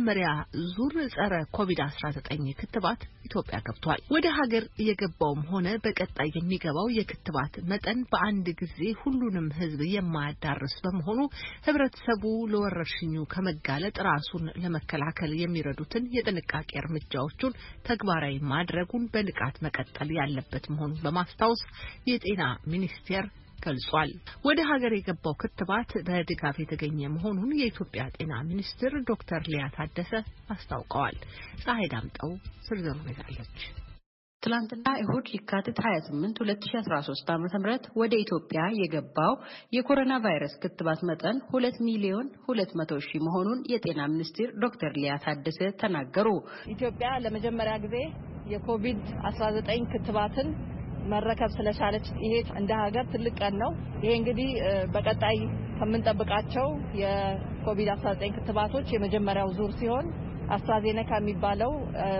የመጀመሪያ ዙር ጸረ ኮቪድ-19 ክትባት ኢትዮጵያ ገብቷል። ወደ ሀገር እየገባውም ሆነ በቀጣይ የሚገባው የክትባት መጠን በአንድ ጊዜ ሁሉንም ሕዝብ የማያዳርስ በመሆኑ ሕብረተሰቡ ለወረርሽኙ ከመጋለጥ ራሱን ለመከላከል የሚረዱትን የጥንቃቄ እርምጃዎቹን ተግባራዊ ማድረጉን በንቃት መቀጠል ያለበት መሆኑን በማስታወስ የጤና ሚኒስቴር ገልጿል። ወደ ሀገር የገባው ክትባት በድጋፍ የተገኘ መሆኑን የኢትዮጵያ ጤና ሚኒስትር ዶክተር ሊያ ታደሰ አስታውቀዋል። ፀሐይ ዳምጠው ዝርዝሩን ይዛለች። ትላንትና እሁድ የካቲት 28 2013 ዓ.ም ወደ ኢትዮጵያ የገባው የኮሮና ቫይረስ ክትባት መጠን 2 ሚሊዮን 200 ሺህ መሆኑን የጤና ሚኒስትር ዶክተር ሊያ ታደሰ ተናገሩ። ኢትዮጵያ ለመጀመሪያ ጊዜ የኮቪድ-19 ክትባትን መረከብ ስለቻለች ይሄ እንደ ሀገር ትልቅ ቀን ነው። ይሄ እንግዲህ በቀጣይ ከምንጠብቃቸው የኮቪድ-19 ክትባቶች የመጀመሪያው ዙር ሲሆን አስትራዜኔካ የሚባለው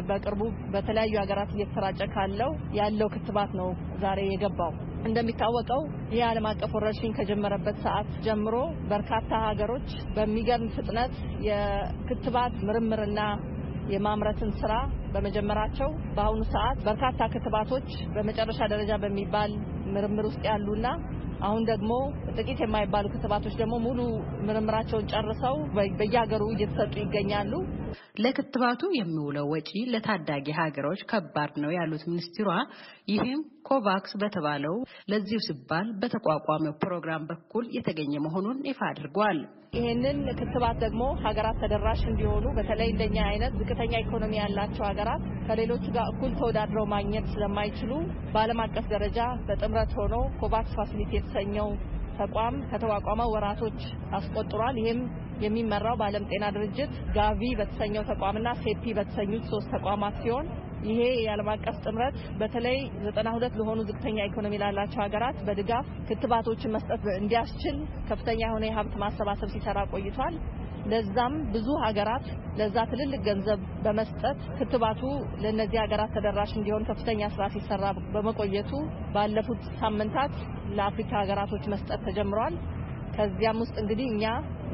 በቅርቡ በተለያዩ ሀገራት እየተሰራጨ ካለው ያለው ክትባት ነው ዛሬ የገባው። እንደሚታወቀው ይህ ዓለም አቀፍ ወረርሽኝ ከጀመረበት ሰዓት ጀምሮ በርካታ ሀገሮች በሚገርም ፍጥነት የክትባት ምርምርና የማምረትን ስራ በመጀመራቸው በአሁኑ ሰዓት በርካታ ክትባቶች በመጨረሻ ደረጃ በሚባል ምርምር ውስጥ ያሉና አሁን ደግሞ ጥቂት የማይባሉ ክትባቶች ደግሞ ሙሉ ምርምራቸውን ጨርሰው በየሀገሩ እየተሰጡ ይገኛሉ። ለክትባቱ የሚውለው ወጪ ለታዳጊ ሀገሮች ከባድ ነው ያሉት ሚኒስትሯ፣ ይህም ኮቫክስ በተባለው ለዚሁ ሲባል በተቋቋመው ፕሮግራም በኩል የተገኘ መሆኑን ይፋ አድርጓል። ይህንን ክትባት ደግሞ ሀገራት ተደራሽ እንዲሆኑ በተለይ እንደኛ አይነት ዝቅተኛ ኢኮኖሚ ያላቸው ሀገራት ከሌሎቹ ጋር እኩል ተወዳድረው ማግኘት ስለማይችሉ በዓለም አቀፍ ደረጃ በጥምረ ጥረት ሆኖ ኮቫክስ ፋሲሊቲ የተሰኘው ተቋም ከተቋቋመ ወራቶች አስቆጥሯል። ይህም የሚመራው በዓለም ጤና ድርጅት ጋቪ በተሰኘው ተቋምና ሴፒ በተሰኙት ሶስት ተቋማት ሲሆን ይሄ የዓለም አቀፍ ጥምረት በተለይ ዘጠና ለሆኑ ዝቅተኛ ኢኮኖሚ ላላቸው ሀገራት በድጋፍ ክትባቶችን መስጠት እንዲያስችል ከፍተኛ የሆነ የሀብት ማሰባሰብ ሲሰራ ቆይቷል። ለዛም ብዙ ሀገራት ለዛ ትልልቅ ገንዘብ በመስጠት ክትባቱ ለእነዚህ ሀገራት ተደራሽ እንዲሆን ከፍተኛ ስራ ሲሰራ በመቆየቱ ባለፉት ሳምንታት ለአፍሪካ ሀገራቶች መስጠት ተጀምሯል። ከዚያም ውስጥ እንግዲህ እኛ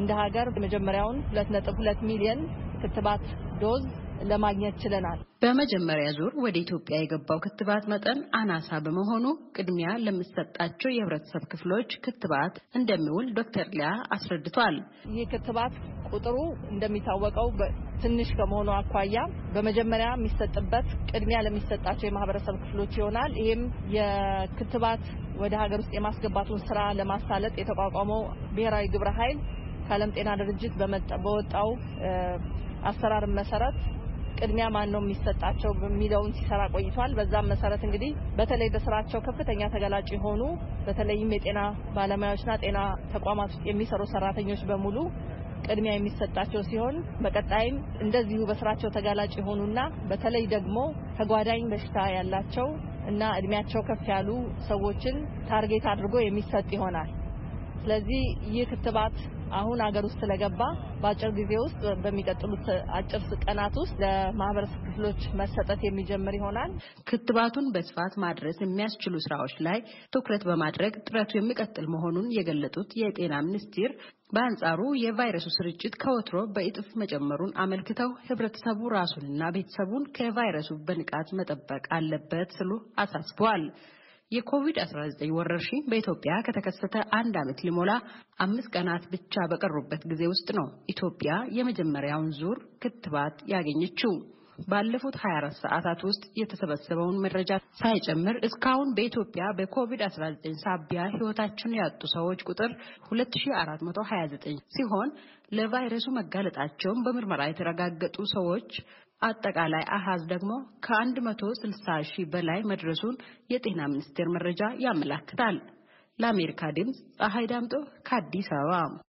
እንደ ሀገር የመጀመሪያውን 2.2 ሚሊዮን ክትባት ዶዝ ለማግኘት ችለናል። በመጀመሪያ ዙር ወደ ኢትዮጵያ የገባው ክትባት መጠን አናሳ በመሆኑ ቅድሚያ ለሚሰጣቸው የህብረተሰብ ክፍሎች ክትባት እንደሚውል ዶክተር ሊያ አስረድቷል። ይህ ክትባት ቁጥሩ እንደሚታወቀው ትንሽ ከመሆኑ አኳያ በመጀመሪያ የሚሰጥበት ቅድሚያ ለሚሰጣቸው የማህበረሰብ ክፍሎች ይሆናል። ይህም የክትባት ወደ ሀገር ውስጥ የማስገባቱን ስራ ለማሳለጥ የተቋቋመው ብሔራዊ ግብረ ኃይል ከዓለም ጤና ድርጅት በወጣው አሰራር መሰረት ቅድሚያ ማን ነው የሚሰጣቸው የሚለውን ሲሰራ ቆይቷል። በዛም መሰረት እንግዲህ በተለይ በስራቸው ከፍተኛ ተገላጭ የሆኑ በተለይም የጤና ባለሙያዎችና ጤና ተቋማት ውስጥ የሚሰሩ ሰራተኞች በሙሉ ቅድሚያ የሚሰጣቸው ሲሆን በቀጣይም እንደዚሁ በስራቸው ተጋላጭ የሆኑና በተለይ ደግሞ ተጓዳኝ በሽታ ያላቸው እና እድሜያቸው ከፍ ያሉ ሰዎችን ታርጌት አድርጎ የሚሰጥ ይሆናል። ስለዚህ ይህ ክትባት አሁን ሀገር ውስጥ ስለገባ በአጭር ጊዜ ውስጥ በሚቀጥሉት አጭር ቀናት ውስጥ ለማህበረሰብ ክፍሎች መሰጠት የሚጀምር ይሆናል። ክትባቱን በስፋት ማድረስ የሚያስችሉ ስራዎች ላይ ትኩረት በማድረግ ጥረቱ የሚቀጥል መሆኑን የገለጡት የጤና ሚኒስቴር በአንጻሩ የቫይረሱ ስርጭት ከወትሮ በእጥፍ መጨመሩን አመልክተው ህብረተሰቡ ራሱንና ቤተሰቡን ከቫይረሱ በንቃት መጠበቅ አለበት ስሉ አሳስበዋል። የኮቪድ-19 ወረርሽኝ በኢትዮጵያ ከተከሰተ አንድ ዓመት ሊሞላ አምስት ቀናት ብቻ በቀሩበት ጊዜ ውስጥ ነው ኢትዮጵያ የመጀመሪያውን ዙር ክትባት ያገኘችው። ባለፉት 24 ሰዓታት ውስጥ የተሰበሰበውን መረጃ ሳይጨምር እስካሁን በኢትዮጵያ በኮቪድ-19 ሳቢያ ሕይወታቸውን ያጡ ሰዎች ቁጥር 2429 ሲሆን ለቫይረሱ መጋለጣቸውን በምርመራ የተረጋገጡ ሰዎች አጠቃላይ አሃዝ ደግሞ ከ160 ሺህ በላይ መድረሱን የጤና ሚኒስቴር መረጃ ያመላክታል። ለአሜሪካ ድምፅ ፀሐይ ዳምጦ ከአዲስ አበባ